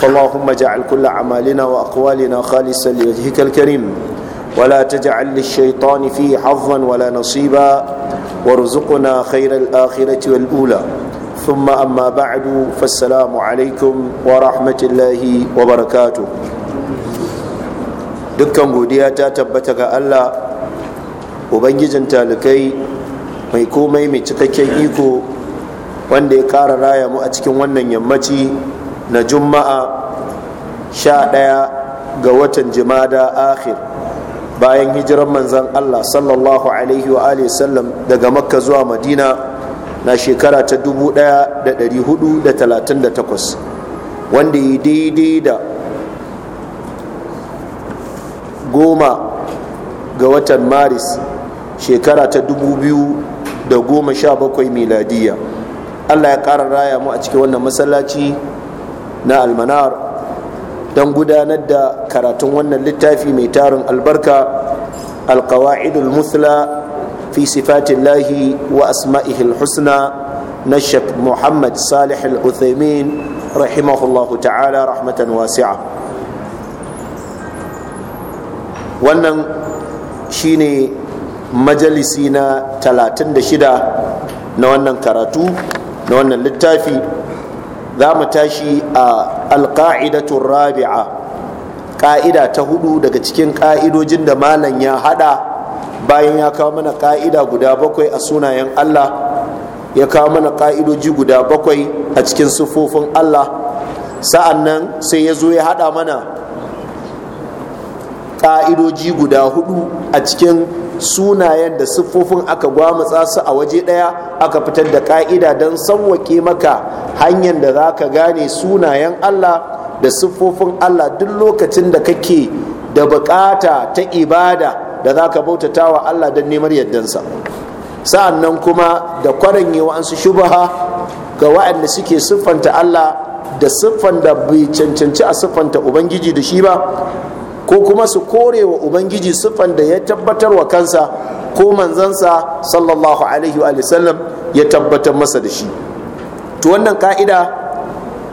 فاللهم اجعل كل اعمالنا واقوالنا خالصا لوجهك الكريم ولا تجعل للشيطان فيه حظا ولا نصيبا وارزقنا خير الاخره والاولى ثم اما بعد فالسلام عليكم ورحمه الله وبركاته dukkan godiya ta tabbata ga Allah ubangijin talikai mai komai mai cikakken iko wanda ya kara raya mu a cikin wannan yammaci na juma'a sha ɗaya ga watan jimada akhir bayan hijiran manzan allah sallallahu alaihi wa sallam daga makka zuwa madina na shekara ta 1438 wanda yi daidai da goma ga watan maris shekara ta 2017 miladiya allah ya ƙara raya mu a cikin wannan masallaci na almanar don gudanar da karatun wannan littafi mai tarin albarka alkawa'idul musla fi sifatillahi wa asma'ihil husna na shek muhammad salih al-uthaymin rahimahullahu ta'ala rahmatan wasi'a wannan shine majalisi na 36 na wannan karatu na wannan littafi za mu tashi a alka'idatun rabi'a ƙa'ida ta hudu daga cikin ƙa'idojin da malam ya hada bayan ya kawo mana ƙa'ida guda bakwai a sunayen allah ya kawo mana ƙa'idoji guda bakwai a cikin siffofin allah sa'an nan sai ya zo ya hada mana ƙa'idoji guda hudu a cikin sunayen da siffofin aka gwamutsa su a waje ɗaya aka fitar da ƙa'ida don sauwaƙe maka hanyar da za ka gane sunayen allah da siffofin allah duk lokacin da kake da bukata ta ibada da za ka bautata wa allah don neman yardansa sa'an nan kuma da yi wa'ansu shubaha ga wa'anda suke siffanta allah da siffan da bai cancanci a siffanta ubangiji da shi ba ko kuma su kore wa ubangiji siffan da ya tabbatar wa kansa ko manzansa sallallahu alaihi wa sallam ya tabbatar masa da shi to wannan ka'ida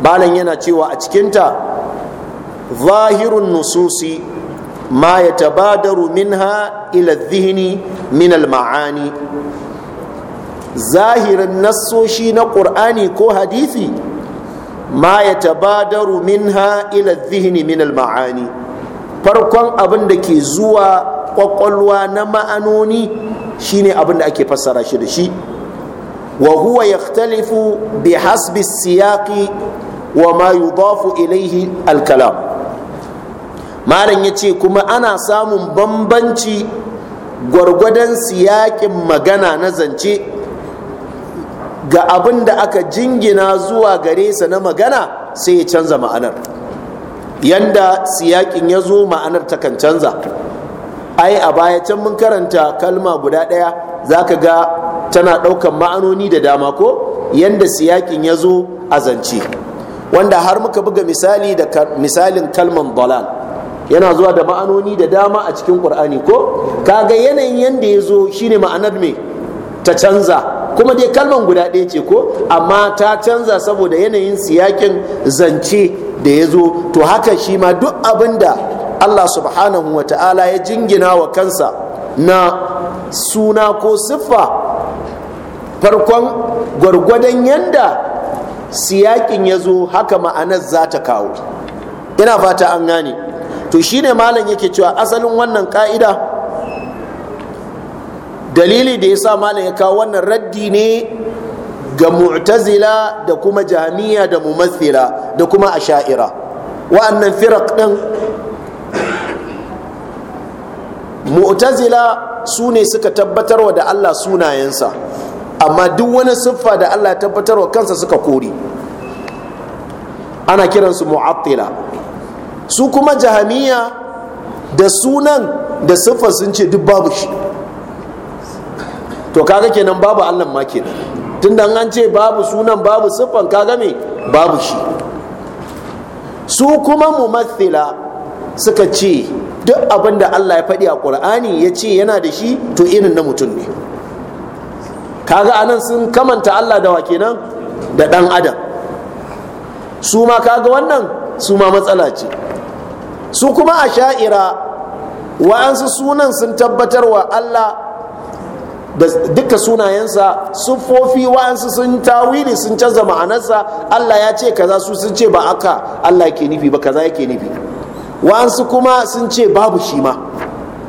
malam yana cewa a cikinta zahirun nususi ma ya tabadaru minha ila zihini min al-ma'ani zahirin nassoshi na ƙur'ani ko hadisi ma ya tabadaru minha ila zihini min al-ma'ani farkon abin da ke zuwa kwakwalwa na ma'anoni shine abin da ake fassara shi da shi wa huwa yakhtalifu bi hasbi siyaqi wa ma yudafu ilaihi al-kalam malam ce kuma ana samun bambanci gwargwadon siyakin magana na zance ga abin da aka jingina zuwa gare sa na magana sai ya canza ma'anar yanda siyakin ya zo ma'anar takan canza ai a baya can mun karanta kalma guda ɗaya za ka ga tana ɗaukan ma'anoni da dama ko yanda siyakin ya zo a zance wanda har muka buga misali da misalin kalman dalal yana zuwa da ma'anoni da dama a cikin Ƙur'ani, ko kaga yanayin yanda ya zo shine ma'anar me ta canza kuma dai kalman guda ɗaya ce ko amma ta canza saboda yanayin siyakin zance da ya zo to haka shi ma duk abin da allah subhanahu wa ta'ala ya jingina wa kansa na suna ko siffa farkon gwargwadon yanda siyakin ya zo haka ma'anar za ta kawo ina fata an gane to shi ne malam yake cewa asalin wannan ka'ida dalili da ya sa malam ya kawo wannan raddi ne ga mu'tazila da kuma jami'a da mumathila da kuma asha'ira wa'annan Firak din mu'tazila su ne suka tabbatarwa da Allah sunayensa amma duk wani siffa da Allah ya tabbatarwa kansa suka kore ana kiransu mu'attila su kuma jahmiya da sunan da siffa sun ce duk babu shi to kaga kenan babu Allah ma kenan tunda an ce babu sunan babu siffan kaga game babu shi su kuma mumathila suka ce duk abin da Allah ya faɗi a ƙur'ani ya ce yana da shi to irin na mutum ne kaga anan sun kamanta Allah da wa kenan da ɗan adam su ma kaga wannan su ma matsala ce su kuma a sha'ira wa'ansu sunan sun tabbatar wa Allah da duka sunayensa siffofi wa'ansu sun tawili sun canza ma'anarsa Allah ya ce kaza su sun ce ba aka Allah yake nufi ba kaza yake nufi wa'ansu kuma sun ce babu shi ma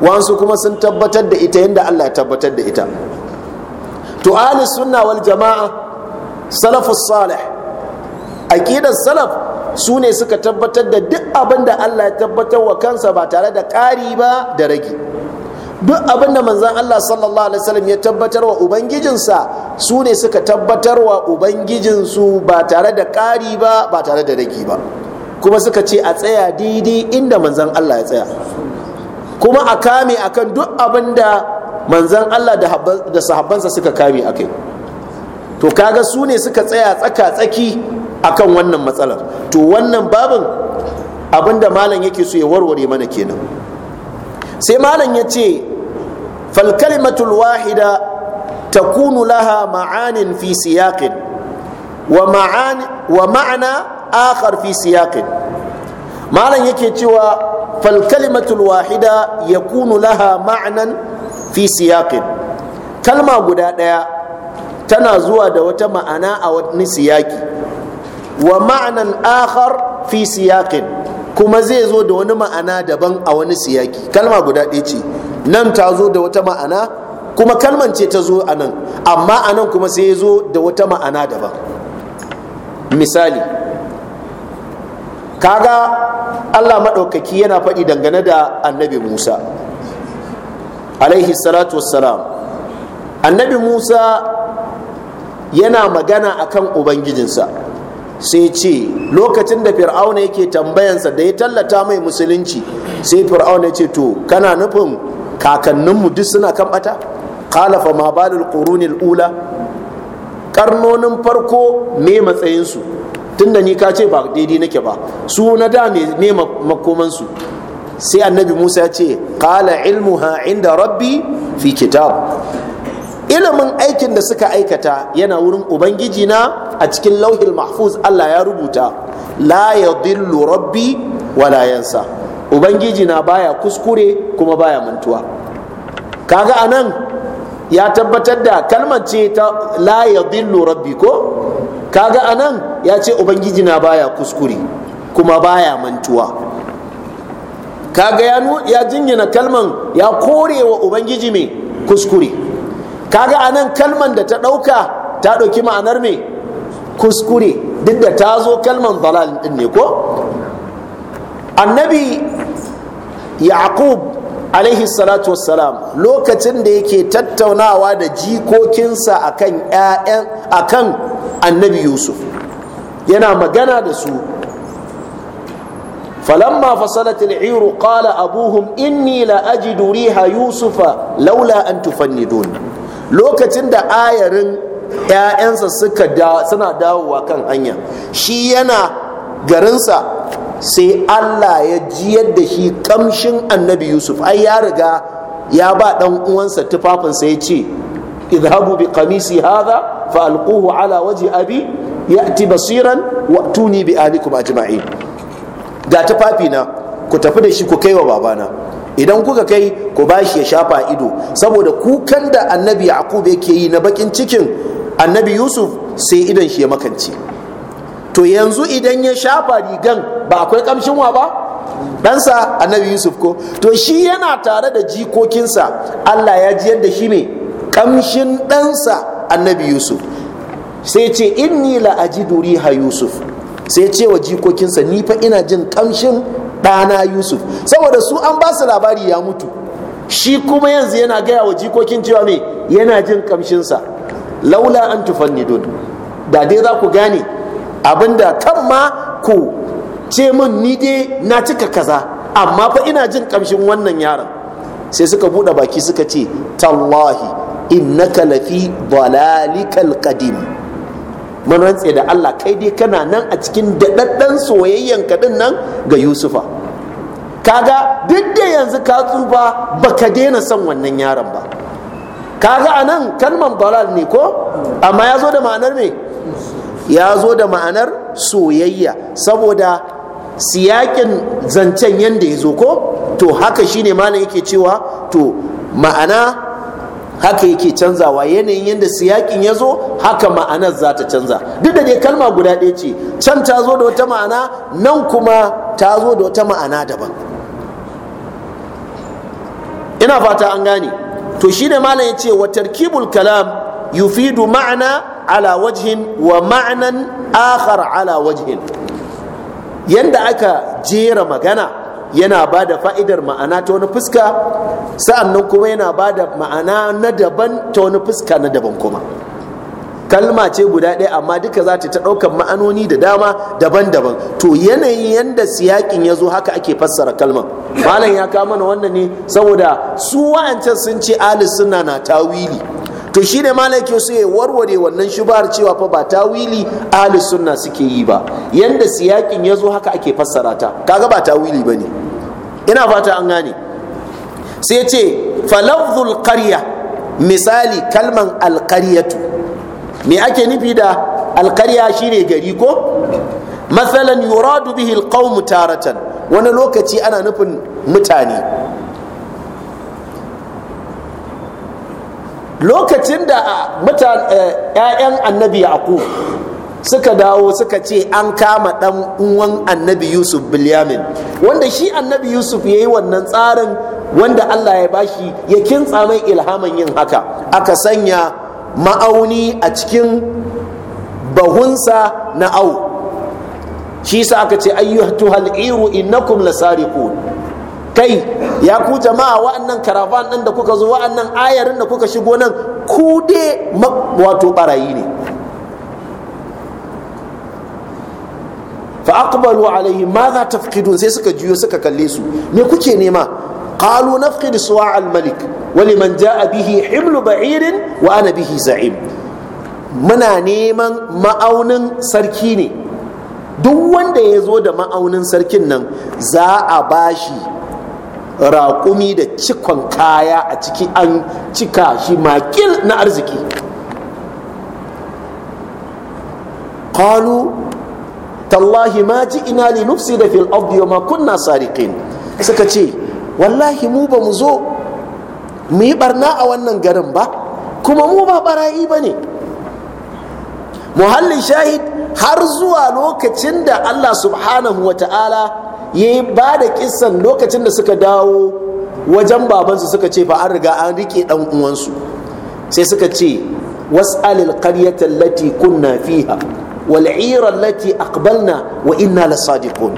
wa'ansu kuma sun tabbatar da ita yadda Allah ya tabbatar da ita to ahli sunna wal jama'a salafus salih aqidar salaf su ne suka tabbatar da duk abin da Allah ya tabbatar wa kansa ba tare da ƙari ba da rage duk abin da manzan Allah sallallahu alaihi wasallam ya tabbatar wa ubangijinsa su ne suka tabbatar wa ubangijinsu ba tare da ƙari ba ba tare da ragi ba kuma suka ce a tsaya daidai inda manzan Allah ya tsaya kuma a kame akan duk abin da manzan Allah da sahabbansa suka kame a kai to kaga su ne suka tsaya tsaka tsaki akan wannan matsalar to wannan babin abinda malam yake so ya warware mana kenan sai malam ya ce فالكلمة الواحدة تكون لها معان في سياق ومعان ومعنى آخر في سياق معنى يكتوى فالكلمة الواحدة يكون لها معنى في سياق كلمة قدادة تنازوا دوتا معنى أو نسياكي ومعنى آخر في سياق كما زيزو دون معنى دبن أو نسياكي كلمة قدادة nan ta zo da wata ma'ana kuma kalman ce ta zo a nan amma a nan kuma sai ya zo da wata ma'ana daban misali kaga allah maɗaukaki yana faɗi dangane da annabi musa alaihi salatu wassalam annabi musa yana magana akan ubangijinsa sai ce lokacin da fir'auna yake tambayansa da ya tallata mai musulunci sai fir'auna ce to kana nufin kakanninmu duk suna kan bata qala ma balul qurunil ula karnonin farko me matsayinsu tunda ni ka ce ba daidai nake ba su na da me makomansu sai annabi musa ya ce qala ilmuha inda rabbi fi kitab ilimin aikin da suka aikata yana wurin ubangiji na a cikin lauhil mahfuz allah ya rubuta la ya rabbi wala yansa ubangiji na baya kuskure kuma baya mantuwa kaga anan ya tabbatar da kalmar ce ta la yadhillu rabbi ko kaga anan ya ce ubangiji na baya kuskure kuma baya mantuwa kaga ya ya jingina kalman ya korewa ubangiji me kuskure kaga anan kalman da ta dauka ta dauki ma'anar me kuskure duk da ta zo kalman dalal din ne ko annabi yaqub alaihi salatu wassalam lokacin da yake tattaunawa da jikokinsa akan ƴaƴan akan annabi yusuf yana magana da su فلما فصلت العير abuhum أبوهم إني لأجد ريح Yusufa, laula an تفندون لوكتن دا آيرن ‘ya'yansa suka da suna dawowa kan hanya shi yana garinsa sai Allah ya jiyar da shi kamshin annabi Yusuf ai ya riga ya ba dan uwansa tufafinsa ya ce idhabu bi qamisi hadha fa alquhu ala waji abi ya'ti basiran wa tuni bi alikum ajma'in ga tufafi na ku tafi da shi ku kaiwa babana idan kuka kai ku bashi ya shafa ido saboda kukan da annabi yaqub yake yi na bakin cikin annabi yusuf sai idan shi ya makance to yanzu idan ya shafa rigan ba akwai kamshin wa ba ɗansa annabi yusuf ko to shi yana tare da jikokinsa allah ya ji yadda shi ne kamshin ɗansa annabi yusuf sai ce inni la ajidu riha yusuf sai ce wa jikokinsa ni fa ina jin kamshin ɗana yusuf saboda su an ba su labari ya mutu shi kuma yanzu yana gaya wa jikokin cewa me yana jin kamshinsa laula an tufannidun da dai za ku gane abinda kan ma ku ce min ni dai na cika kaza amma fa ina jin kamshin wannan yaron sai suka buɗe baki suka ce tallahi innaka lafi dalalikal qadim mun rantse da Allah kai dai kana nan a cikin daɗaɗɗen soyayyan ka nan ga Yusufa kaga duk da yanzu ka tsufa baka daina son wannan yaron ba kaga anan kalman dalal ne ko amma ya zo da ma'anar me ya zo da ma'anar soyayya saboda siyakin zancen yadda ya zo ko to haka shine malam yake cewa to ma'ana haka yake canzawa yanayin yadda siyakin ya zo haka ma'anar za ta canza duk da dai kalma guda ɗaya ce can ta zo da wata ma'ana nan kuma ta zo da wata ma'ana daban ina fata an gane to shine malam ya ce wa tarkibul kalam yufidu ma'ana ala wajhin wa ma'anan akhar ala wajhin yanda aka jera magana yana ba da fa'idar ma'ana ta wani fuska sa'annan kuma yana ba da ma'ana na daban ta wani fuska na daban kuma kalma ce guda ɗaya amma duka za ta ɗaukar ma'anoni da dama daban-daban to yanayin yanda siyakin ya zo haka ake fassara kalmar malam ya kama mana wannan ne saboda su wa'ancan sun ce ali suna na tawili to shine malaki su ya warware wannan shubhar cewa fa ba tawili ahli sunna suke yi ba yanda siyakin zo haka ake fassara ta kaga ba tawili bane ina fata an gane sai ce falafzul Karya, misali kalman alqaryatu me ake nufi da alqarya shine gari ko masalan yuradu bihi alqawm taratan wani lokaci ana nufin mutane lokacin da ‘ya'yan ah, eh, annabi yaqub suka dawo suka ce an kama ɗan uwan annabi yusuf bilyamin wanda shi annabi yusuf ya yi wannan tsarin wanda allah ya bashi ya kintsa mai ilhamin yin haka aka sanya ma'auni a cikin bahunsa na au shi sa aka ce ayyuhatu iru innakum lasariqun kai ya ku jama'a wa'annan karafan ɗin da kuka zo wa'annan ayarin da kuka shigo nan ku de wato barayi ne fa aqbalu alaihi ma za tafqidun sai suka juyo suka kalle su me kuke nema qalu nafqid suwa al malik wa liman jaa bihi himlu ba'irin wa ana bihi za'im muna neman ma'aunin sarki ne duk wanda ya zo da ma'aunin sarkin nan za a bashi raƙumi da cikon kaya a ciki an cika shi makil na arziki ƙalu tallahi ma ina li da fil abdiyo ma kunna sariqin suka ce wallahi mu ba mu zo mu yi barna a wannan garin ba kuma mu ba barayi ba ne muhallin shahid har zuwa lokacin da Allah subhanahu wa ta'ala yi ba da kissan lokacin da suka dawo wajen babansu suka ce fa an riga an rike dan uwansu sai suka ce was'alil qaryata allati kunna fiha wal 'ira allati aqbalna wa inna lasadiqun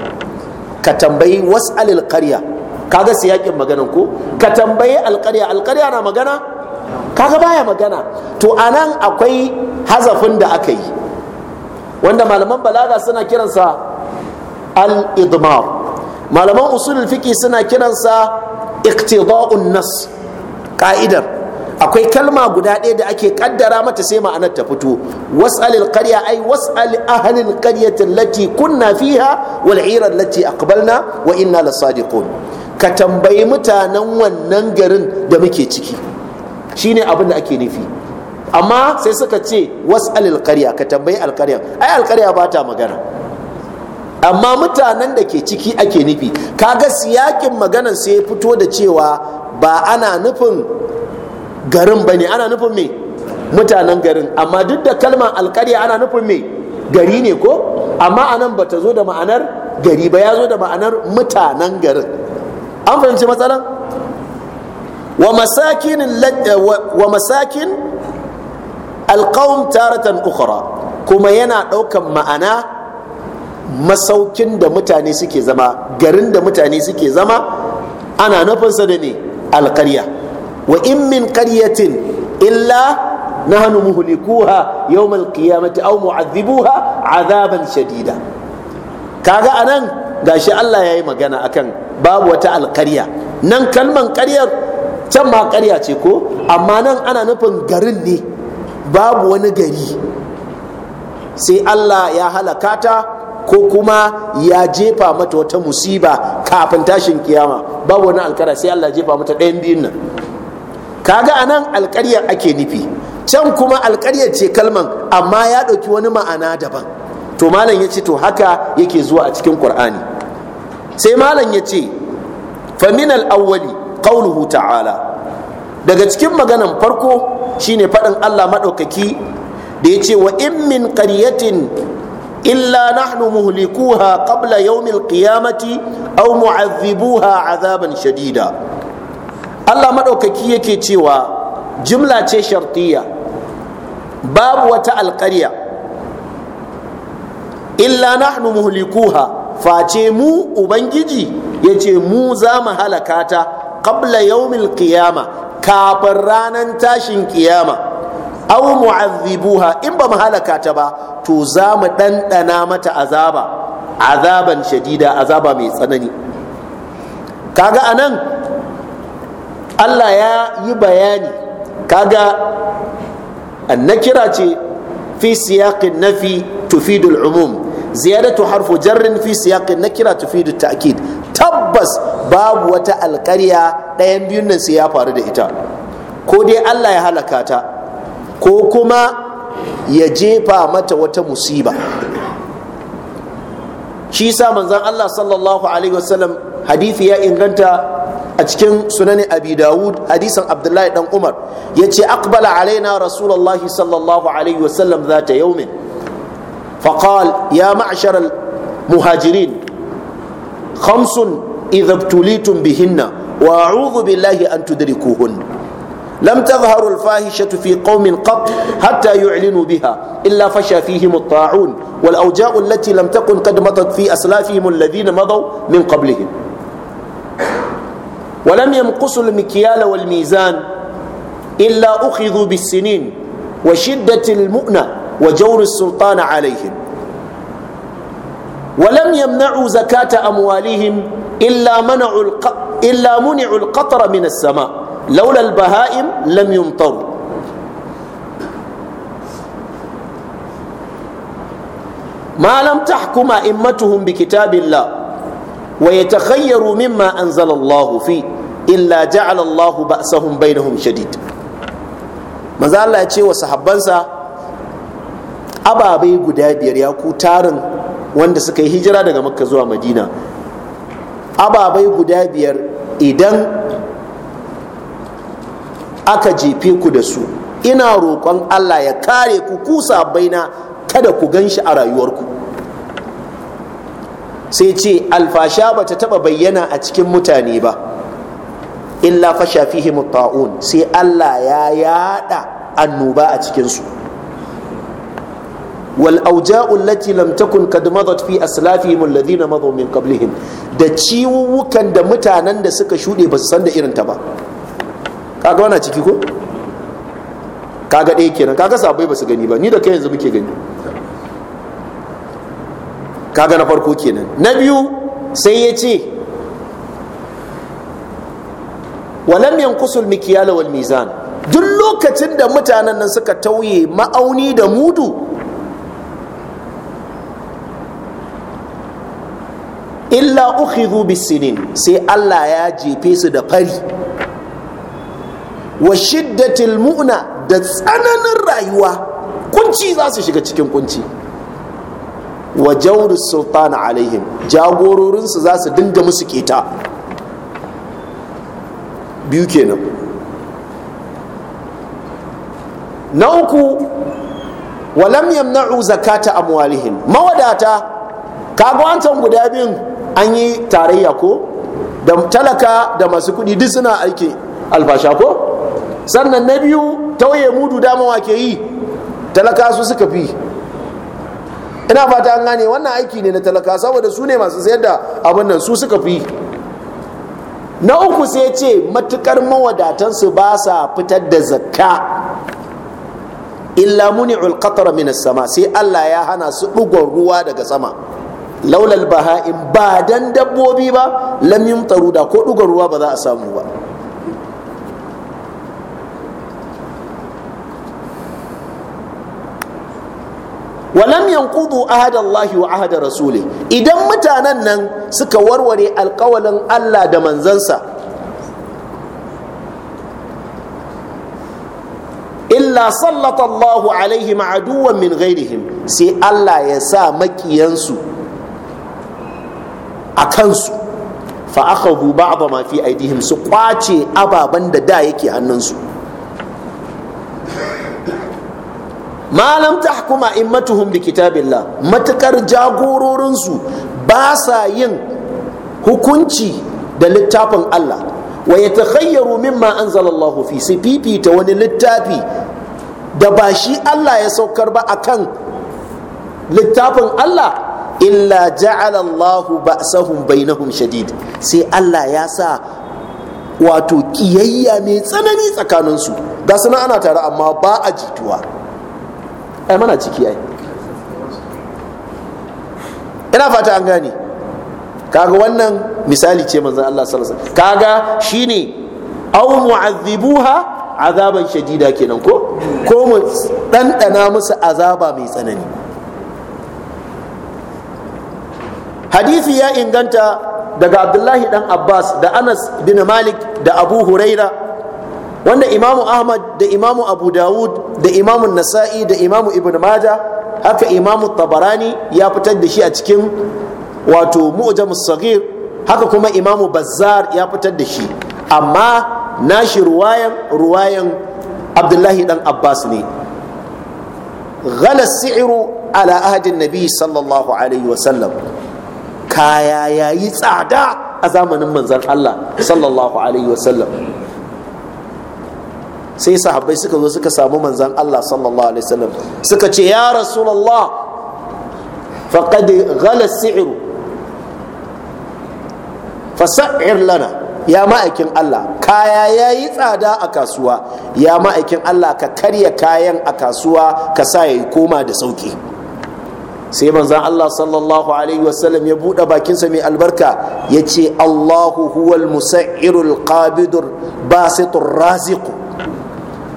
ka tambayi was'alil qarya kaga siyakin maganan ko ka tambayi alkarya, alkarya na magana kaga baya magana to anan akwai hazafin da aka yi wanda malaman balaga suna kiransa al-idmar malaman usulul fiki suna kiransa iqtida'un nas ka'idar akwai kalma guda ɗaya da ake kaddara mata sai ma'anar ta fito was'alil qarya ai was'al ahlil qaryati allati kunna fiha wal 'ira allati aqbalna wa inna lasadiqun ka tambayi mutanen wannan garin da muke ciki shine abin da ake nufi amma sai suka ce was'alil qarya ka tambayi alqarya ai alqarya ba ta magana amma mutanen da ke ciki ake nufi kaga siyakin maganar sai ya fito da cewa ba ana nufin garin ba ne ana nufin me mutanen garin amma duk da kalmar alkarya ana nufin me gari ne ko amma anan bata zo da ma'anar gari ba ya zo da ma'anar mutanen garin an fahimci matsalan wa masakin alkawun taratan ukura kuma yana daukan ma'ana masaukin da mutane suke zama garin da mutane suke zama ana nufinsa da ne alkarya wa in min karyatin illa nahnu muhlikuha yawm alqiyamati aw mu'adhibuha azaban shadida kaga anan gashi Allah yayi magana akan babu wata alkarya nan kalman karyar can ma karya ce ko amma nan ana nufin garin ne babu wani gari sai Allah ya halaka ta ko kuma ya jefa mata wata musiba kafin tashin kiyama babu wani alkara sai Allah jefa mata ɗayan biyun nan kaga anan alƙaryar ake nufi can kuma alƙaryar ce kalman amma ya ɗauki wani ma'ana daban to malam ya ce to haka yake zuwa a cikin qur'ani sai malam ya ce famin awwali ta'ala daga cikin maganan farko shine faɗin Allah maɗaukaki da ya ce wa in min ƙaryatin illa nahnu muhlikuha qabla yawmil qiyamati aw mu'adhibuha azaban shadida Allah madaukaki yake cewa jimla ce shartiya babu wata alƙarya illa nahnu muhlikuha face mu ubangiji yace mu za mu halaka ta qabla yawmil qiyama kafin ranar tashin kiyama aw mu'azzibuha in ba mu halaka ta ba to za mu ɗanɗana mata azaba azaban shadida azaba mai tsanani kaga anan Allah ya yi bayani kaga annakira ce fi siyaqin nafi tufidul umum ziyadatu harfu jarrin fi siyaqin nakira tufidu ta'kid tabbas babu wata alƙarya ɗayan biyun nan sai ya faru da ita ko dai Allah ya halaka ta ko kuma ya jefa mata wata musiba shi sa manzan Allah sallallahu alaihi wasallam hadithi ya inganta a cikin sunanin abi dawud hadisan abdullahi dan umar ya ce akbala alaina rasulullahi sallallahu alaihi wasallam za ta yaumin Faqal ya ma'ashar muhajirin khamsun idha bihinna wa a'udhu billahi an tudrikuhunna لم تظهر الفاحشة في قوم قط حتى يعلنوا بها إلا فشى فيهم الطاعون والأوجاء التي لم تكن قد مضت في أسلافهم الذين مضوا من قبلهم ولم ينقصوا المكيال والميزان إلا أخذوا بالسنين وشدة المؤنة وجور السلطان عليهم ولم يمنعوا زكاة أموالهم إلا منعوا إلا منعوا القطر من السماء لولا البهائم لم lam ما لم تحكم ائمتهم بكتاب الله ويتخيروا مما انزل الله فيه الا جعل الله باسهم بينهم شديد maza Allah ya ce wa sahabbansa ababai guda biyar ya ku tarin wanda suka yi hijira daga makka zuwa madina ababai guda biyar idan aka jefe ku da su ina roƙon Allah ya kare ku ku sabaina kada ku gan shi a rayuwarku sai ce alfasha ba ta taɓa bayyana a cikin mutane ba illa fasha fihi ta'un sai Allah ya yada annoba a cikinsu wal auja'u allati lam takun kad madat fi aslafihim alladhina madu min qablihim da ciwuwukan da mutanen da suka shuɗe ba su san da irin ta ba kaga wana ciki ko kaga ɗaya kenan kaga sabai ba su gani ba ni da kai yanzu muke gani kaga na farko kenan na biyu sai ya ce walam yankusul mikiyala wal mizan duk lokacin da mutanen nan suka tauye ma'auni da mudu illa ukhidhu bisinin sai Allah ya jefe su da fari wa shiddatil mu'na da tsananin rayuwa kunci za su shiga cikin kunci wa jawri sultana alaihim jagororinsu za su dinga musu keta biyu kenan na uku walam yamna'u zakata amwalihim mawadata kaga wancan guda biyun an yi tarayya ko da talaka da masu kuɗi duk suna aiki albasha ko sannan na biyu tauye mudu damawa ke yi talakasu suka fi ina fata an gane wannan aiki ne na talaka saboda su ne masu sayar da abin nan su suka fi na uku sai ce matukar mawadatansu ba sa fitar da zakka illa muni ulkatar min sama sai Allah ya hana su ɗugon ruwa daga sama laulal baha'in ba dan dabbobi ba lamin taruda ko ɗugon ruwa ba za a samu ba walam yanqudu ahada Allah wa ahada rasuli idan mutanen nan suka warware alkawalin Allah da manzansa illa sallata Allahu alaihim aduwan min ghairihim sai Allah ya sa makiyansu a kansu fa akhadhu ba'd fi aidihim su kwace ababan da da yake hannunsu malam tahkuma immatuhum bi kitabillah matukar jagororinsu ba sa yin hukunci da littafin Allah wa yatakhayyaru mimma anzalallahu fi su fifita wani littafi da ba shi Allah ya saukar ba akan littafin Allah illa ja'ala Allahu ba'sahum bainahum shadid sai Allah ya sa wato kiyayya mai tsanani tsakaninsu ga suna ana tare amma ba a jituwa ai mana ciki ai ina fata an gane kaga wannan misali ce manzon Allah sallallahu alaihi wasallam kaga shine aw mu'azzibuha azaban shadida kenan ko ko mu dandana musu azaba mai tsanani hadisi ya inganta daga Abdullahi dan Abbas da Anas bin Malik da Abu Huraira wanda imamu ahmad da imamu abu dawud da imamu nasa'i da imamu ibn maja haka imamu tabarani ya fitar da shi a cikin wato mu'jamus saghir haka kuma imamu bazzar ya fitar da shi amma nashi ruwayan ruwayan abdullahi dan abbas ne ghala si'ru ala ahadin nabi sallallahu alaihi wasallam kaya yayi tsada a zamanin manzon allah sallallahu alaihi wasallam sai sahabbai suka zo suka samu manzan Allah sallallahu alaihi wasallam suka ce ya rasulullah faqad ghala as-si'r fas'ir lana ya ma'aikin Allah kaya ya yi tsada a kasuwa ya ma'aikin Allah ka karya kayan a kasuwa ka sa ya koma da sauki sai manzan Allah sallallahu alaihi wasallam ya buɗe bakinsa mai albarka ya ce Allahu huwal musa'irul qabidur basitur raziqu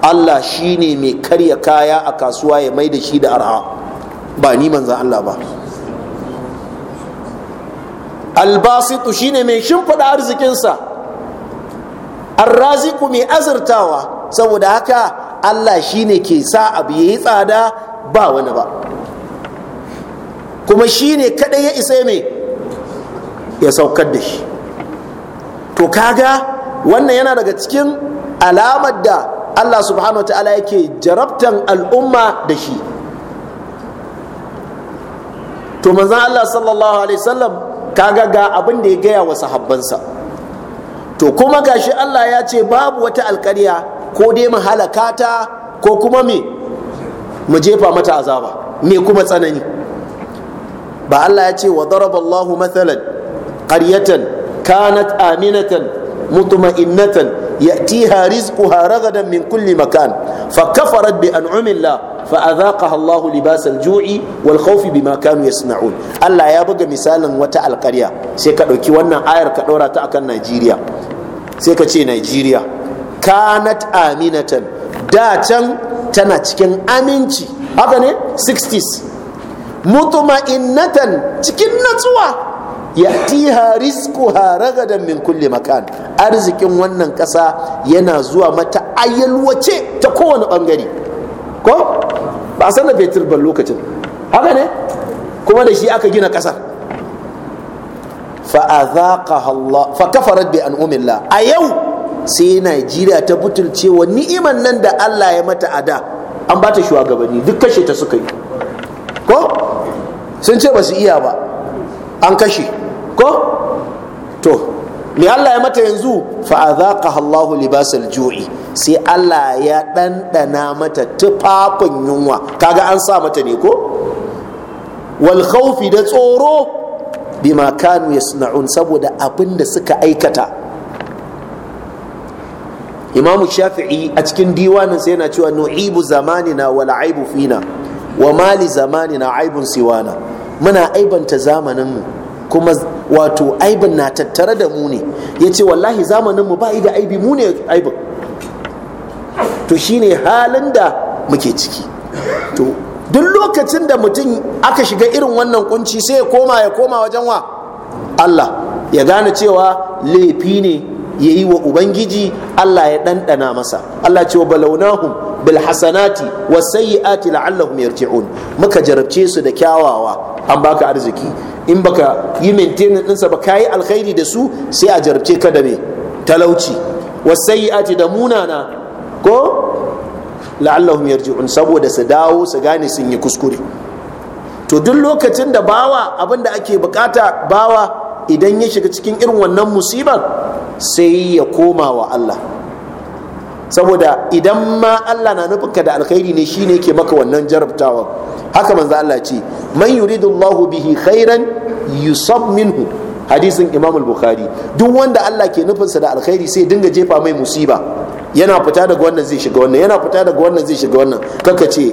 Allah ne mai karya kaya a kasuwa ya mai da shi da arha ba ni manzan Allah ba albasitu shine mai shimfiɗa arzikinsa arraziku mai azurtawa saboda haka Allah ne ke sa abu ya yi tsada ba wani ba kuma ne kaɗai ya isa mai ya saukar da shi to kaga wannan yana daga cikin alamar da Allah subhanahu wa ta'ala yake jarabtan al'umma da shi to manzon Allah sallallahu alaihi wasallam kaga ga abin da ya gaya wa sahabbansa to kuma gashi Allah ya ce babu wata alkarya ko dai mu halaka ta ko kuma me mu jefa mata azaba me kuma tsanani ba Allah ya ce wa daraballahu mathalan qaryatan kanat aminatan mutuma'innatan ya'tiha rizquha ragadan min kulli makan fa kafarat bi an'ami fa adhaqaha Allah libas ju'i wal khawf bima kanu yasna'un Allah ya buga misalan wata alqarya sai ka dauki wannan ayar ka dora ta akan Najeriya sai ka ce Najeriya kanat aminatan da can tana cikin aminci haka ne 60s mutuma'innatan cikin natsuwa yatiha rizquha ragadan min kulli makan arzikin wannan ƙasa yana zuwa mata ayyalwace ta kowane bangare ko ba san da fetur ban lokacin haka ne kuma da shi aka gina ƙasar fa'azaqaha Allah fa kafarat bi umilla. a yau sai Najeriya ta butulce wa ni'iman nan da Allah ya mata ada an bata shugabanni duk kashe ta suka yi ko sun ce ba su iya ba an kashe ko to li Allah ya mata yanzu fa azaqaha Allahu libasal ju'i sai Allah ya dandana mata tufafin yunwa kaga an sa mata ne ko wal khawfi da tsoro bima kanu yasna'un saboda abin da suka aikata imam shafi'i a cikin diwanin sai yana cewa nu'ibu zamanina wal aibu fina wa mali zamanina aibun siwana muna aibanta zamanin mu kuma wato aibin na tattare da mu ne ya ce wallahi zamanin mu ba da aibi mu ne aibin to shine halin da muke ciki to duk lokacin da mutum aka shiga irin wannan kunci sai ya koma ya koma wajen wa Allah ya gane cewa laifi ne ya yi wa ubangiji Allah ya ɗanɗana masa Allah ce wa balaunahum bil hasanati ati sayyiati la'allahum yarji'un muka jarabce su da kyawawa an baka arziki in baka yi maintenance ɗinsa ba yi alkhairi da su sai a jarabce ka da me talauci wasayi'ati da munana ko la'allahum yarji'un saboda su dawo su gane sun yi kuskure to duk lokacin da bawa abin da ake bukata bawa idan ya shiga cikin irin wannan musibar sai ya koma wa Allah saboda idan ma Allah na nufin ka da alkhairi ne shine ke maka wannan jarabtawa haka manzo Allah ce man yuridullahu bihi khairan yusab minhu hadisin Imam al-Bukhari duk wanda Allah ke nufinsa da alkhairi sai dinga jefa mai musiba yana fita daga wannan zai shiga wannan yana fita daga wannan zai shiga wannan kaka ce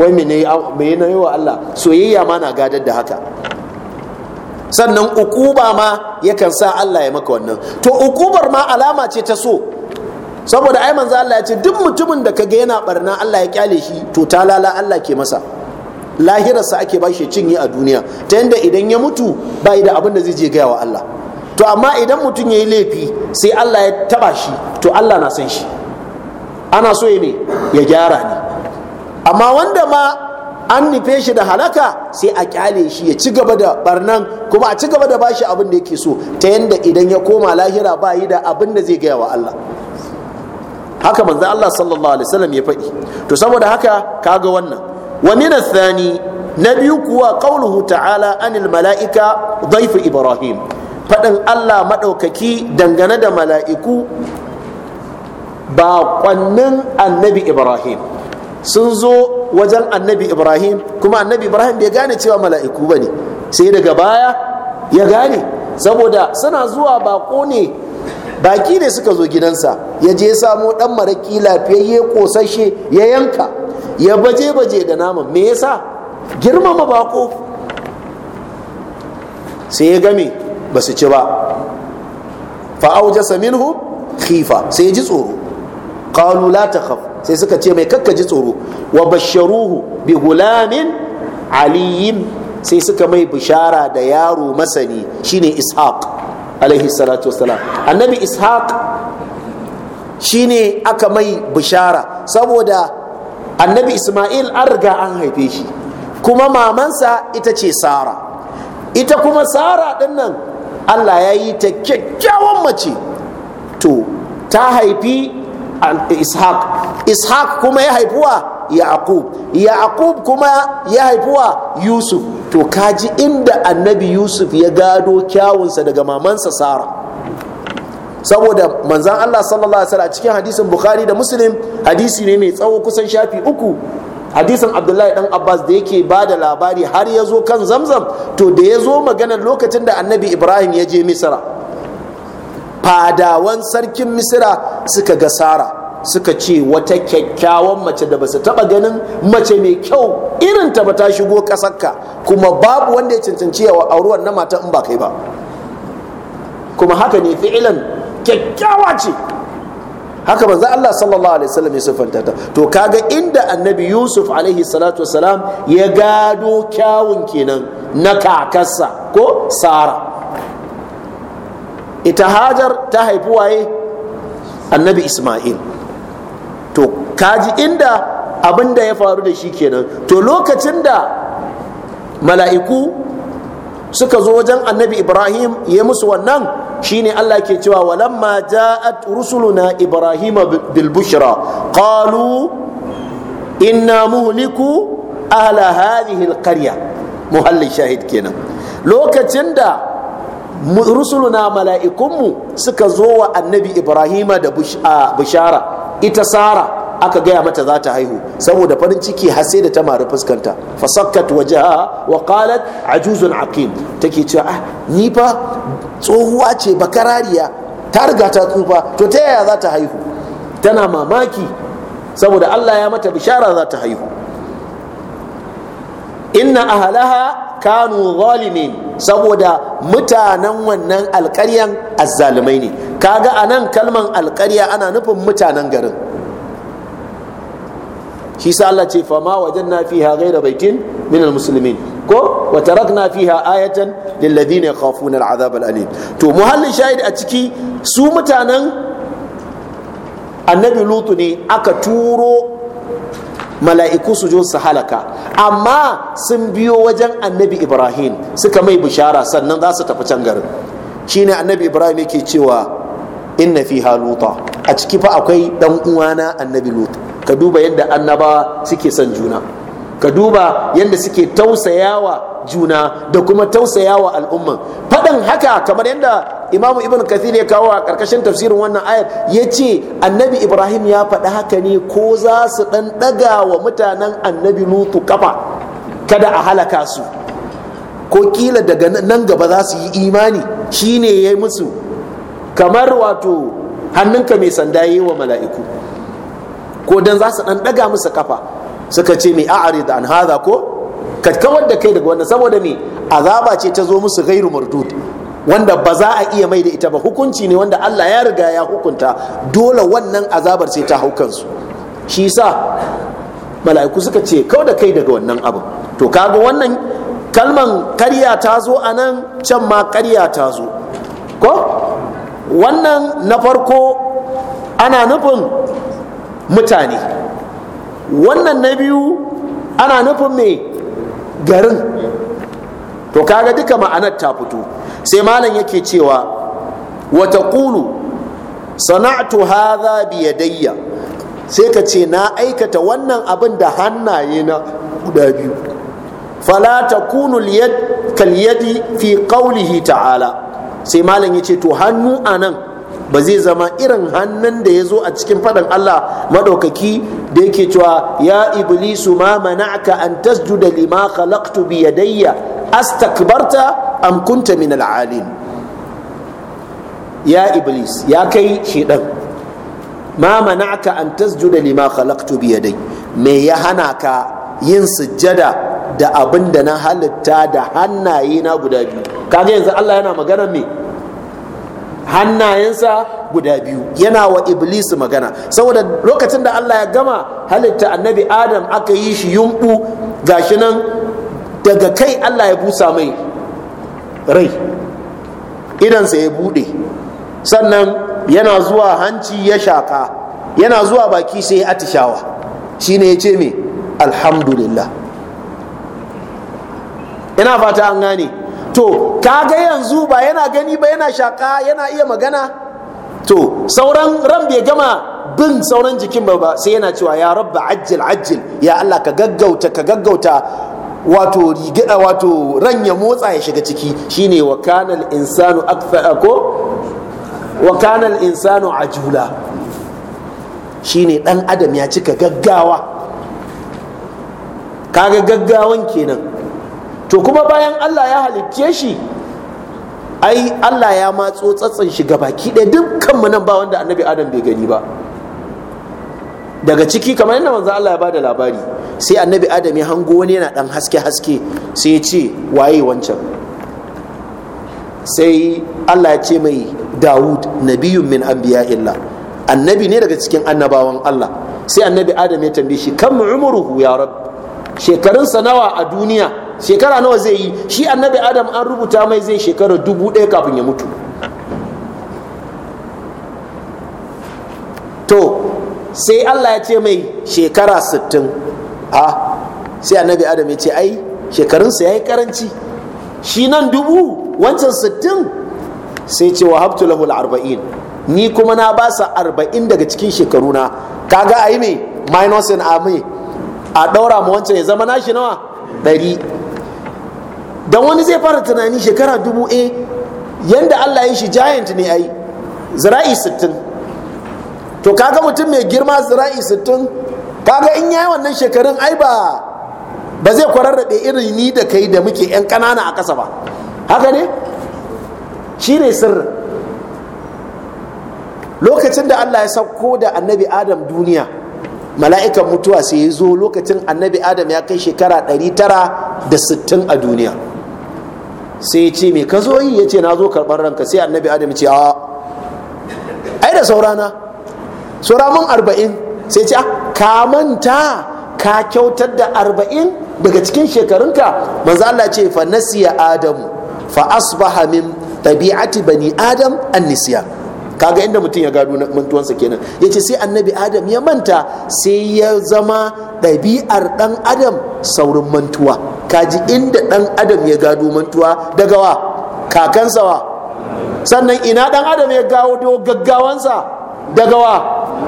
wai me ne me ne wa Allah soyayya ma na gadar da haka sannan ukuba ma yakan sa Allah ya maka wannan to ukubar ma alama ce ta so saboda ai manzo Allah ya ce duk mutumin da kaga yana barna Allah ya kyale shi to ta lala Allah ke masa lahirarsa ake ba shi cinye a duniya ta yadda idan ya mutu ba da abin da zai je gaya wa Allah to amma idan mutum ya yi laifi sai Allah ya taba shi to Allah na san shi ana so ya ne ya gyara ne amma wanda ma an nufe shi da halaka sai a kyale shi ya ci gaba da barnan kuma a ci gaba da bashi abin da yake so ta yadda idan ya koma lahira ba yi da abin da zai gaya wa Allah haka manzo Allah sallallahu alaihi wasallam ya faɗi to saboda haka kaga wannan wa min athani na biyu kuwa qauluhu ta'ala anil mala'ika dhaifu ibrahim faɗin Allah maɗaukaki dangane da mala'iku baƙonnin annabi ibrahim sun zo wajen annabi ibrahim kuma annabi ibrahim bai gane cewa mala'iku ba ne sai daga baya ya gane saboda suna zuwa baƙo ne baki ne suka zo gidansa ya je samo dan maraki lafiyayye kosashe ya yanka ya baje baje da naman me yasa girmama bako sai ya game ba su ci ba fa'aujasa minhu khifa sai ya ji tsoro qalu la takhaf sai suka ce mai kakka ji tsoro wa basharuhu bi gulamin aliyin sai suka mai bishara da yaro masani shine ishaq alaihi salatu wassalam annabi ishaq shine aka mai bishara saboda annabi isma'il an riga an haife shi kuma mamansa ita ce sara ita kuma sara din allah ya yi ta kyakkyawan mace to ta haifi ishaq ishaq kuma ya haifuwa yaqub yaqub kuma ya haifuwa yusuf to kaji inda annabi yusuf ya gado kyawunsa daga mamansa sara saboda manzan allah sallallahu alaihi wasallam cikin hadisin bukhari da muslim hadisi ne mai tsawo kusan shafi uku hadisin abdullahi dan abbas da yake ba da labari har ya zo kan zamzam to da ya zo maganar lokacin da annabi ibrahim ya je misra fadawan sarkin misira suka ga sara suka ce wata kyakkyawan mace da ba su taba ganin mace mai kyau irin ta ba ta shigo kasarka kuma babu wanda ya cancanci a auruwan na mata in ba kai ba kuma haka ne fi'ilan kyakkyawa ce haka manzo Allah sallallahu alaihi wasallam ya siffanta ta to kaga inda annabi Yusuf alaihi salatu wasalam ya gado kyawun kenan na kakarsa ko Sara ita hajar ta haifi waye annabi isma'il to kaji inda abin da ya faru da shi kenan to lokacin da mala'iku suka zo wajen annabi ibrahim ya musu wannan shine allah ke cewa walamma ja'at rusuluna ibrahim bilbushra kalu qalu inna muhliku ahla hadhihi al qarya muhalli shahid kenan lokacin da rusuluna mala'ikunmu suka zo wa annabi ibrahima da bishara ita sara aka gaya mata za ta haihu saboda farin ciki hasse da ta mari fuskanta fasakkat wajaha wa qalat ajuzun aqim take cewa a ah, ni fa tsohuwa ce bakarariya ta riga ta tsufa to ta yaya za ta haihu tana mamaki saboda Allah ya mata bishara za ta haihu inna ahlaha kanu zalimin saboda mutanen wannan alkaryan azzalumai ne kaga anan kalman alkarya ana nufin mutanen garin shi sa Allah ce fama wajanna fiha gaira baitin min musulmin? ko wa tarakna fiha ayatan lil ladina yakhafuna al'adab al'alim to muhallin shahid a ciki su mutanen annabi lutu ne aka turo mala'iku su zo su halaka amma sun biyo wajen annabi ibrahim suka mai bishara sannan za su tafi can garin ne annabi ibrahim yake cewa inna fi haluta a ciki fa akwai dan uwana annabi lut ka duba yadda annabawa suke son juna ka duba yadda suke tausayawa juna da kuma tausayawa al'umma faɗin haka kamar yadda imamu ibn kathir ya kawo a ƙarƙashin tafsirin wannan ayar ya ce annabi ibrahim ya faɗi haka ne ko za su ɗan ɗaga wa mutanen annabi lutu kafa kada a halaka su ko kila daga nan gaba za su yi imani shine ya yi musu kamar wato hannunka mai sanda ya yi wa mala'iku ko dan za su ɗan ɗaga musu kafa suka ce mai a'arid an hadha ko ka kawar da kai daga wannan saboda me azaba ce ta zo musu ghairu mardud wanda ba za a iya mai da ita ba hukunci ne wanda Allah ya riga ya hukunta dole wannan azabar sai ta haukansu su shi sa mala'iku suka ce kau da kai daga wannan abin to kaga wannan kalman karya ta zo a nan can ma karya ta zo ko wannan na farko ana nufin mutane wannan na biyu ana nufin me garin to kaga duka ma'anar ta fito sai malam yake cewa wata kulu sana'atu hadha biyadayya sai ka ce na aikata wannan abin da hannaye na guda biyu fala takunu kal yadi fi qawlihi ta'ala sai malam yace to hannu anan ba zai zama irin hannun da ya zo a cikin fadan Allah madaukaki da yake cewa ya iblisu ma mana'aka an tasjuda lima khalaqtu bi yadayya astakbarta am kunta min alalim ya iblis ya kai shedan ma mana'aka an tasjuda lima khalaqtu bi yadayya me ya hana ka yin sujjada da abin da na halitta da hannaye na guda biyu kaga yanzu Allah yana magana me hannayensa guda biyu yana wa iblis magana saboda lokacin da Allah ya gama halitta annabi adam aka yi shi yumbu gashi nan daga kai Allah ya busa mai rai idansa ya bude sannan yana zuwa hanci ya shaka yana zuwa baki sai ya atishawa shine ya ce me alhamdulillah ina fata an gane to ka ga yanzu ba yana gani ba yana shaka yana iya magana to sauran ran bai gama bin sauran jikin ba sai yana cewa ya rabba ajil-ajil ya Allah ka gaggauta ka gaggauta wato rigida wato ran ya motsa ya shiga ciki shine wa kanal insanu akthar ko wa kanal insanu ajula shine dan adam ya cika gaggawa kaga gaggawan kenan to kuma bayan Allah ya halicce shi ai Allah ya matso tsatsan shi ga baki ɗaya dukkan mu nan ba wanda annabi Adam bai gani ba daga ciki kamar yadda manzo Allah ya da labari sai annabi Adam ya hango wani yana dan haske haske sai ya ce waye wancan sai Allah ya ce mai Dawud nabiyun min illa. annabi ne daga cikin annabawan Allah sai annabi Adam ya tambaye shi kam umruhu ya rabb shekarunsa nawa a duniya shekara nawa zai yi shi annabi adam an rubuta mai zai shekara dubu ɗaya kafin ya mutu to sai allah ya ce mai shekara sittin a sai annabi adam ya ce ai shekarunsa ya yi karanci shi nan dubu wancan sittin sai ce wa haftu lahul arba'in ni kuma na basa arba'in daga cikin shekaruna kaga a yi mai minus in a mai a ɗaura ma wancan ya zama nashi nawa ɗari don wani zai fara tunani shekara dubu a eh, yadda allah ya shi giant ne ai zira'i sittin to kaga mutum mai girma zira'i sittin kaga in yayi wannan shekarun ai ba ba zai kwararrabe irin ni da kai da muke 'yan ƙanana a ƙasa ba haka ne shi ne sirrin lokacin da allah ya sauko da annabi adam duniya mala'ikan mutuwa sai ya zo lokacin annabi adam ya kai shekara 960 a duniya sai ya ce me ka zo yi ya ce na zo karɓar ranka sai annabi adam ce a ai da saurana saura mun arba'in sai ce ah, ka manta ka kyautar da arba'in daga cikin shekarunka manzo Allah ce fa nasiya adamu fa asbaha min tabi'ati bani adam an nisiya. kaga inda mutum ya gado mantuwansa kenan ya ce sai annabi adam ya manta sai ya zama ɗabi'ar ɗan adam saurin mantuwa kaji inda ɗan adam ya gado mantuwa daga wa kakansa wa sannan ina ɗan adam ya gawo gaggawansa daga wa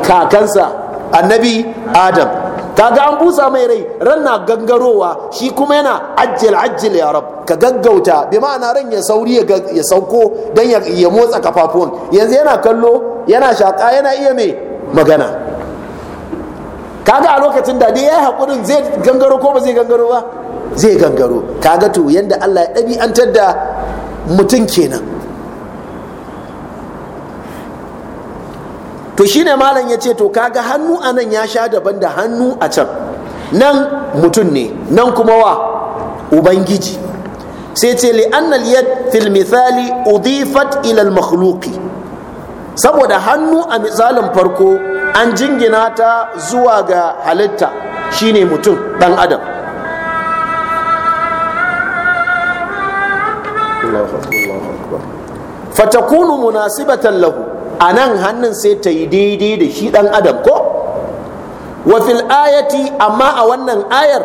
kakansa annabi adam kaga an busa mai rai ran na gangarowa shi kuma yana ajjal ajjal ya rab ka gaggauta bi ma'ana ran ya sauri ya sauko dan ya motsa kafafuwan yanzu yana kallo yana shaka yana iya mai magana kaga a lokacin da dai ya hakurin zai gangaro ko ba zai gangaro ba zai gangaro kaga to yanda Allah ya ɗabi'antar da mutum kenan to shine malam ya ce to kaga hannu a nan ya sha daban da hannu a can nan mutum ne nan kuma wa ubangiji sai ce li yad fil misali udifat ila al makhluqi saboda hannu a misalin farko an jingina ta zuwa ga halitta shine mutum dan adam fatakunu munasibatan lahu a nan hannun sai ta yi daidai da shi ɗan adam ko wa ayati amma a wannan ayar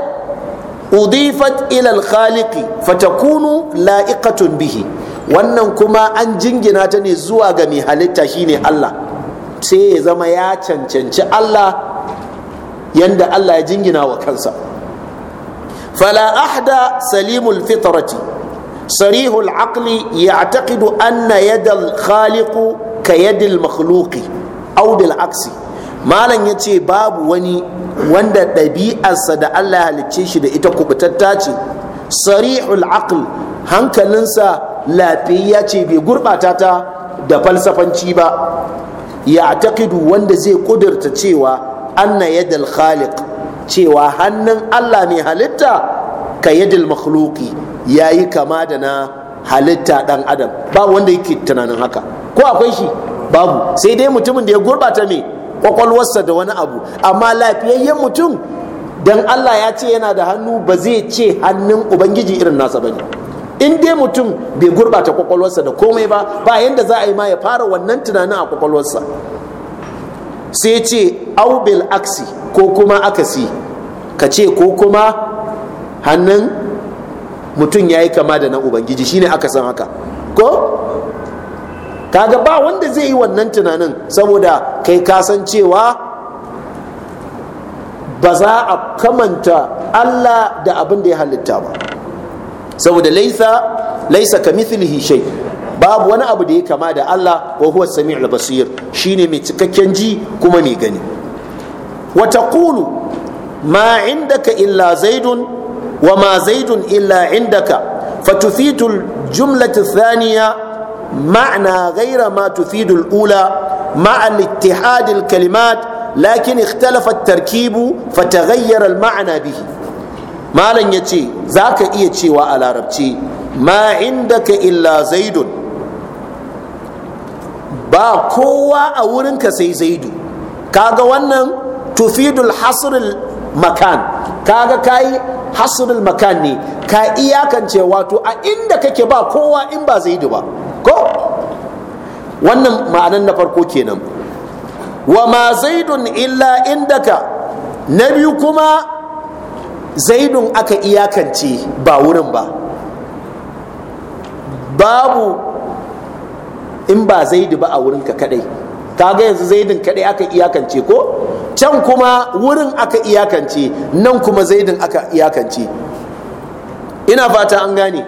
udifat ilal khaliqi fatakunu la'iqatun bihi wannan kuma an jingina ta ne zuwa ga mai halitta shine Allah sai ya zama ya cancanci Allah yanda Allah ya jingina wa kansa fala ahda salimul fitrati sarihul aqli ya'taqidu anna yadal khaliqu ka yadil makhluqi aw bil aksi malam yace babu wani wanda ɗabi'arsa da Allah ya halicce shi da ita kubutatta ce sarihul aql hankalinsa lafiya ce bai gurbata ta da falsafanci ba ya taqidu wanda zai kudurta cewa anna yadal khaliq cewa hannun Allah mai halitta ka yadil ya yi kama da na halitta ɗan adam ba wanda yake tunanin haka ko akwai shi babu sai dai mutumin da ya gurbata mai kwakwalwarsa da wani abu amma lafiyayyen mutum dan Allah ya ce yana da hannu ba zai ce hannun ubangiji irin nasa ba ne in dai mutum bai gurbata kwakwalwarsa da komai ba ba yanda za a yi ma ya fara wannan tunanin a kwakwalwarsa sai ce aubil aksi ko kuma akasi ka ce ko kuma hannun mutum ya yi kama da na ubangiji shine aka san haka ko kaga ba wanda zai yi wannan tunanin saboda kai ka san cewa ba za a kamanta Allah da abin da ya halitta ba saboda laisa laisa ka kamithlihi shai, babu wani abu da ya kama da Allah wa huwa samiul basir shine mai cikakken ji kuma mai gani wa taqulu ma indaka illa zaidun وما زيد إلا عندك فتفيد الجملة الثانية معنى غير ما تفيد الأولى مع الاتحاد الكلمات لكن اختلف التركيب فتغير المعنى به ما لن يتي ذاك إيتي وعلى ربتي ما عندك إلا زيد ba kowa a wurinka sai zaidu kaga wannan tufidul hasrul makan kaga kayi hasrul makan ne ka iyakance wato a inda kake ba kowa in ba yi ba ko wannan ma'anan na farko kenan wa ma zaidun illa indaka na biyu kuma zaidun aka iyakance ba wurin ba babu in ba zaidu ba a wurinka kadai kaga yanzu zaidin kaɗai aka iyakance ko can kuma wurin aka iyakance nan kuma zaidin aka iyakance ina fata an gane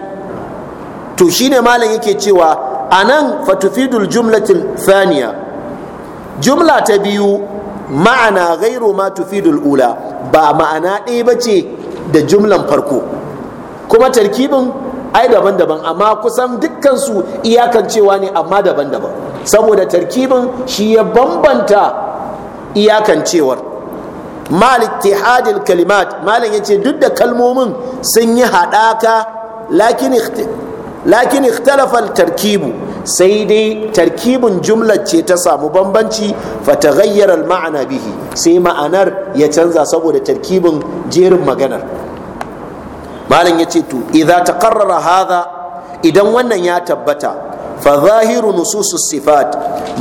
to shine malam yake cewa anan fatufidul jumlatin thaniya jumla ta biyu ma'ana gairu ma tufidul ula ba ma'ana ɗaya ba ce da jumlan farko kuma tarkibin ai daban-daban amma kusan dukkansu iyakancewa ne amma daban-daban saboda tarkibin shi ya bambanta iyakancewar malik tihadil kalimat malam yace duk da kalmomin sun yi haɗaka lakin ikhtalafal tarkibu sai dai tarkibin jumlar ce ta samu bambanci gayyarar ma'ana bihi sai ma'anar ya canza saboda tarkibin jerin maganar malam yace to idan wannan ya tabbata fa zahiru nususu sifat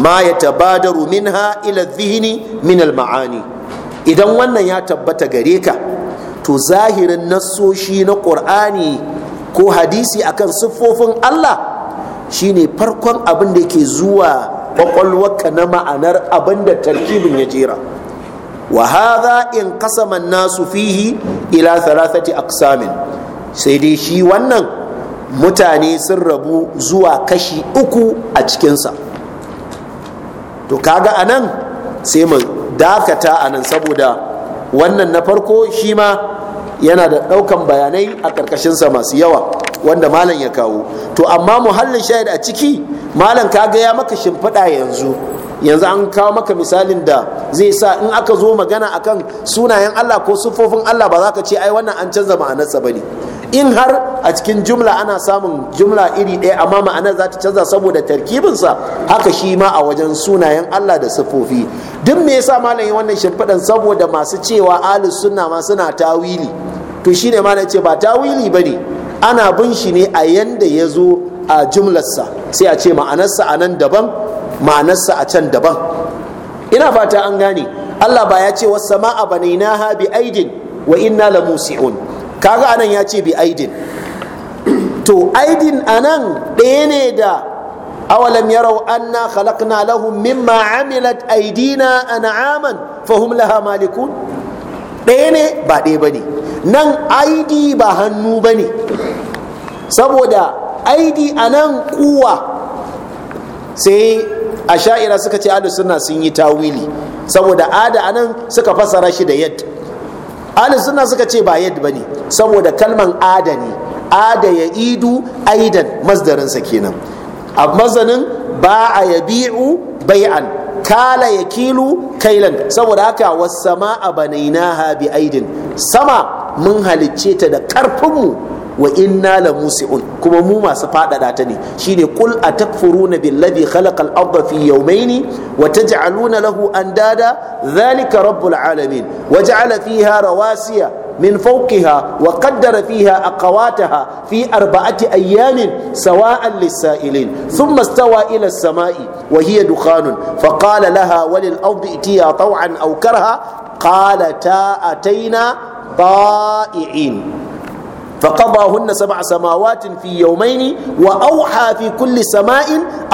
ma ya tabadaru minha ila zihini min maani idan wannan ya tabbata gare ka to zahirin nassoshi na ƙur'ani ko hadisi akan siffofin Allah shine farkon abin da ke zuwa ƙwaƙwalwarka na ma'anar abin da tarkibin ya jera wa hadha in qasama nasu fihi ila thalathati aqsamin sai dai shi wannan mutane sun rabu zuwa kashi uku a cikinsa to kaga a nan sai mu dakata a nan saboda wannan na farko shi ma yana da ɗaukan bayanai a ƙarƙashinsa masu yawa wanda malam ya kawo to amma muhallin shayar a ciki malam kaga ya maka shimfiɗa yanzu yanzu an kawo maka misalin da zai sa in aka zo magana akan sunayen Allah ko siffofin Allah ba za ka ce ai wannan an canza ma'anarsa ba ne in har a cikin jumla ana samun jumla iri ɗaya amma ma'anar za ta canza saboda tarkibinsa haka shi ma a wajen sunayen Allah da siffofi duk me yasa malam yi wannan shimfiɗan saboda masu cewa ahlus suna ma suna tawili to shine malam ce ba tawili bane ana bin shi ne a yanda ya zo a jumlarsa sai a ce ma'anarsa a nan daban ma'anarsa a can daban ina fata an gane Allah ba ya ce wasu sama'a bi aidin wa inna la musi'un kaga anan ya ce bi aidin to aidin anan ɗaya ne da awalam yarau anna khalaqna lahum mimma amilat aidina an'aman fahum laha malikun ɗaya ne ba ɗaya bane nan aidi ba hannu bane saboda aidi anan kuwa sai a sha'ira suka ce ahlus sunna sun yi tawili saboda ada anan suka fassara shi da yadda ahlus sunna suka ce ba yad bane saboda kalman adani ada ya idu aidan masdarinsa kenan a mazanin ba a yabi'u bai'an kala ya kilu kailan saboda haka wasu sama a banaina bi aidin sama mun halicce ta da karfinmu wa inna la musi'un kuma mu masu fadada ta ne shine qul atakfuruna billazi khalaqa al-ardha fi yawmayni wa taj'aluna lahu andada dhalika rabbul alamin wa ja'ala fiha rawasiya من فوقها وقدر فيها أقواتها في أربعة أيام سواء للسائلين ثم استوى إلى السماء وهي دخان فقال لها وللأرض ائتيا طوعا أو كرها قالتا أتينا طائعين فقضاهن سبع سماوات في يومين وأوحى في كل سماء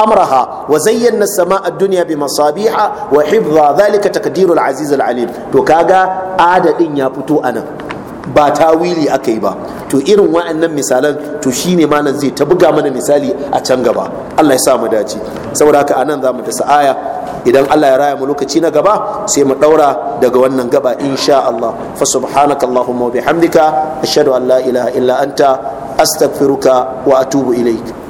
أمرها وزينا السماء الدنيا بمصابيح وحفظا ذلك تقدير العزيز العليم تو كاغا عادة إن يابتو أنا ba tawili aka yi ba to irin wa'annan misalan to shi ne malam zai ta buga mana misali a can gaba Allah ya sa mu dace saboda haka anan za mu ta sa'aya idan Allah ya raya mu lokaci na gaba sai mu daura daga wannan gaba insha Allah fa subhanaka allahumma wa bihamdika ashhadu an la ilaha illa anta astaghfiruka wa atubu ilaik